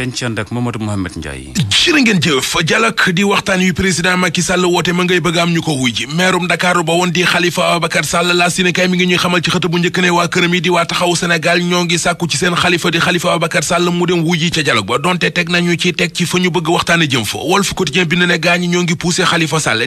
dañ ci ànd ak Mamadou Mohamed Ndiaye jërë ngeen jëf dialogue di waxtaan yu président Macky woote ma ngay bëgg am ñu ko wuy meerum Dakar ba woon di Khalifa Ababacar Sall la sinekaay mi ngi ñuy xamal ci xët bu njëkk ne waa këram yi di waa taxaw Sénégal ñoo ngi sàkku ci seen Khalifa di Khalifa Ababacar Sall mu dem wuy ca dialogue ba donte teg nañu ci teg ci fa ñu bëgg waxtaane jëm fa Walf Quotidien bind ne gaañi ñoo ngi poussé Khalifa Sall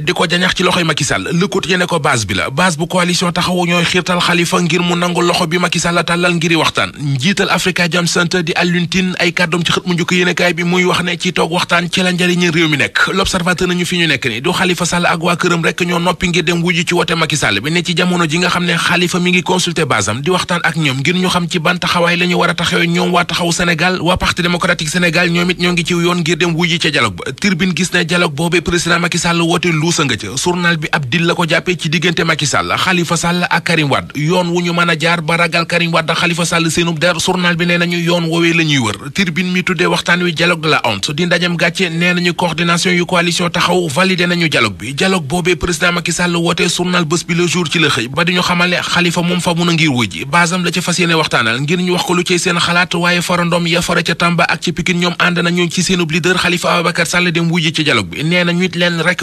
ñu ko yéenekaay bi muy wax ne ci toog waxtaan ci la njariñu réew mi nekk l'observateur nañu fi ñu nekk ni du Xalifa Sall ak waa këram rek ñoo noppi ngir dem wujj ci wote Macky bi ne ci jamono ji nga xam ne Xalifa mi ngi consulter basam di waxtaan ak ñoom ngir ñu xam ci ban taxawaay la ñu war a taxawee ñoom waa taxaw Sénégal waa parti démocratique Sénégal ñoom it ñoo ngi ci yoon ngir dem wujj ca dialogue ba Tribune gis ne dialogue boobee président Macky Sall woote luusa nga ca journal bi ab Sall Xalifa yoon wu ñu mën a jaar ba ragal Karim Wade Xalifa Sall seenub der journal bi nee nañu yoon woowee la ñuy waxtaan wi dialogue de la honte di ndajem gàcce nee nañu coordination yu coalition taxaw validé nañu dialogue bi dialogue boobee président Macky a ngir wujji basam la wax ko lu ciy seen xalaat waaye farandoom ya fara ca Tamba ak ci Pikine ñoom ànd nañu ci seenub leader Khalifa Ababacar Sall dem wujji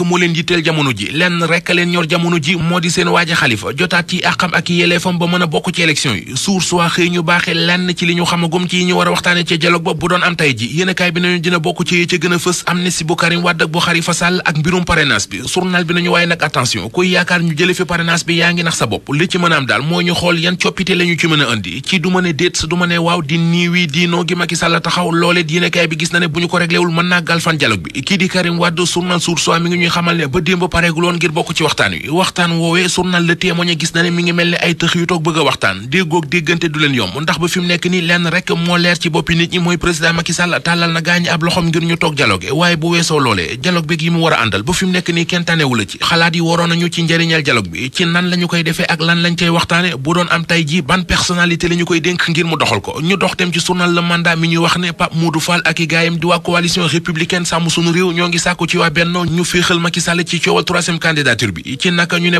moo leen yitteel jamono ji lenn rek ba mën a bokk ci élection yi source waa xëy ñu baaxe lenn ci li ñu xamagum ci yi ñu war a waxtaane ci dialogue ba bu doon am tey ji yéenekaay bi nañu dina bokk ci yi ci gën a fës amnistie bu Karim Wade ak bu Khalifa Sall ak mbirum parrainage bi journal bi nañu waaye nag attention kuy yaakaar ñu jële fi parrainage bi yaa ngi nax sa bopp li ci mën a am daal moo ñu xool yan coppite la ci mën indi ci du ne déet du ma ne waaw di nii wii di noo gi Macky Sall taxaw loolee yéenekaay bi gis na ne bu ñu ko réglewul mën naa galfan dialogue bi kii di Karim Wade journal Source A mi ngi ñuy Sall tàllal na gaañ ab loxom ngir ñu toog dialogue waaye bu weesoo loolee dialogue bi yi mu war a àndal ba fi mu nekk nii kenn tanewu la ci xalaat yi waroon nañu ci njëriñal dialogue bi ci nan la koy defee ak lan lañ cay waxtaane bu doon am tay ji ban personnalité la koy dénk ngir mu doxal ko ñu dox dem ci journal Le Mandat mi ñuy wax ne Pape Modou Fall ak i gaayam di waa coalition républicaine sàmm sunu réew ñoo ngi sàkku ci waa Benno ñu féexal Macky Sall bi ci naka ñu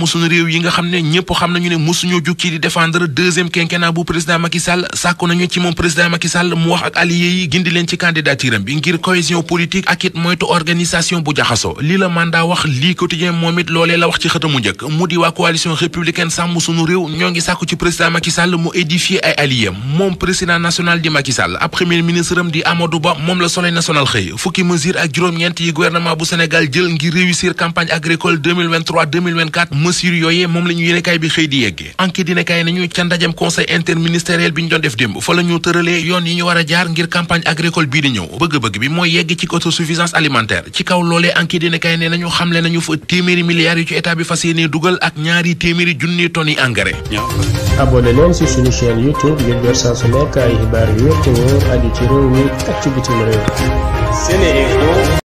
a réew yi nga xam ne ñëpp xam nañu ne mosuñoo jóg di défendre deuxième quinquennat bu président Macky Sall nañu ci moom président Macky mu wax ak allié yi gindi leen ci candidature bi ngir cohésion politique ak it moytu organisation bu jaxasoo lii la mandat wax lii quotidien moom it loolee la wax ci xëtamu njëkk mu di waa coalition républicaine sàmm sunu réew ñoo ngi sàkku ci président Macky mu édifier ay allié moom président national di Macky ab yooyee moom la ñu yéenekaay bi xëy di yeggee enquête yéenekaay nañu ca ndajam conseil interministériel bi ñu doon def démb fa la tëralee yoon yi ñu war a jaar ngir campagne agricole bii di ñëw bëgg-bëgg bi mooy yegg ci autosuffisance alimentaire ci kaw loolee enquête yéenekaay ne nañu xamle nañu fa téeméeri milliards yu ci état bi fas yéenee dugal ak ñaari téeméeri junni tonnes yi engrais ci suñu chaîne YouTube ngir jot saa su nekk ay te wóor aju ci